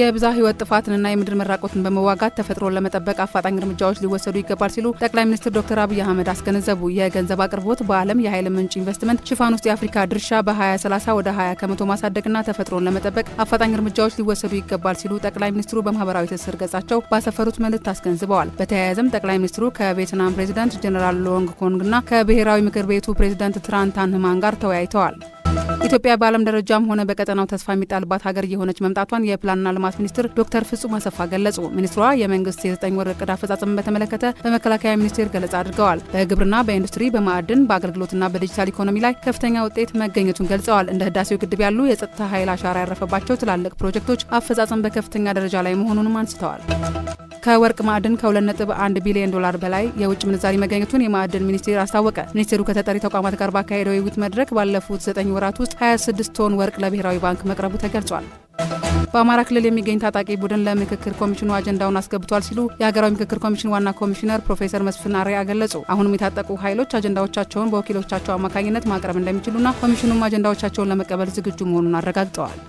የብዝሃ ህይወት ጥፋትንና የምድር መራቆትን በመዋጋት ተፈጥሮን ለመጠበቅ አፋጣኝ እርምጃዎች ሊወሰዱ ይገባል ሲሉ ጠቅላይ ሚኒስትር ዶክተር አብይ አህመድ አስገነዘቡ። የገንዘብ አቅርቦት በዓለም የኃይል ምንጭ ኢንቨስትመንት ሽፋን ውስጥ የአፍሪካ ድርሻ በ2030 ወደ 20 ከመቶ ማሳደግና ተፈጥሮን ለመጠበቅ አፋጣኝ እርምጃዎች ሊወሰዱ ይገባል ሲሉ ጠቅላይ ሚኒስትሩ በማህበራዊ ትስስር ገጻቸው ባሰፈሩት መልእክት አስገንዝበዋል። በተያያዘም ጠቅላይ ሚኒስትሩ ከቬትናም ፕሬዚዳንት ጀኔራል ሎንግ ኮንግና ከብሔራዊ ምክር ቤቱ ፕሬዚዳንት ትራንታን ህማን ጋር ተወያይተዋል። ኢትዮጵያ በዓለም ደረጃም ሆነ በቀጠናው ተስፋ የሚጣልባት ሀገር እየሆነች መምጣቷን የፕላንና ልማት ሚኒስትር ዶክተር ፍጹም አሰፋ ገለጹ። ሚኒስትሯ የመንግስት የዘጠኝ ወር እቅድ አፈጻጸምን በተመለከተ በመከላከያ ሚኒስቴር ገለጻ አድርገዋል። በግብርና፣ በኢንዱስትሪ፣ በማዕድን፣ በአገልግሎትና በዲጂታል ኢኮኖሚ ላይ ከፍተኛ ውጤት መገኘቱን ገልጸዋል። እንደ ህዳሴው ግድብ ያሉ የጸጥታ ኃይል አሻራ ያረፈባቸው ትላልቅ ፕሮጀክቶች አፈጻጸም በከፍተኛ ደረጃ ላይ መሆኑንም አንስተዋል። ከወርቅ ማዕድን ከ2.1 ቢሊዮን ዶላር በላይ የውጭ ምንዛሪ መገኘቱን የማዕድን ሚኒስቴር አስታወቀ። ሚኒስቴሩ ከተጠሪ ተቋማት ጋር ባካሄደው የውይይት መድረክ ባለፉት 9 ወራት ውስጥ 26 ቶን ወርቅ ለብሔራዊ ባንክ መቅረቡ ተገልጿል። በአማራ ክልል የሚገኝ ታጣቂ ቡድን ለምክክር ኮሚሽኑ አጀንዳውን አስገብቷል ሲሉ የሀገራዊ ምክክር ኮሚሽን ዋና ኮሚሽነር ፕሮፌሰር መስፍን አሬ ገለጹ። አሁንም የታጠቁ ኃይሎች አጀንዳዎቻቸውን በወኪሎቻቸው አማካኝነት ማቅረብ እንደሚችሉና ኮሚሽኑም አጀንዳዎቻቸውን ለመቀበል ዝግጁ መሆኑን አረጋግጠዋል።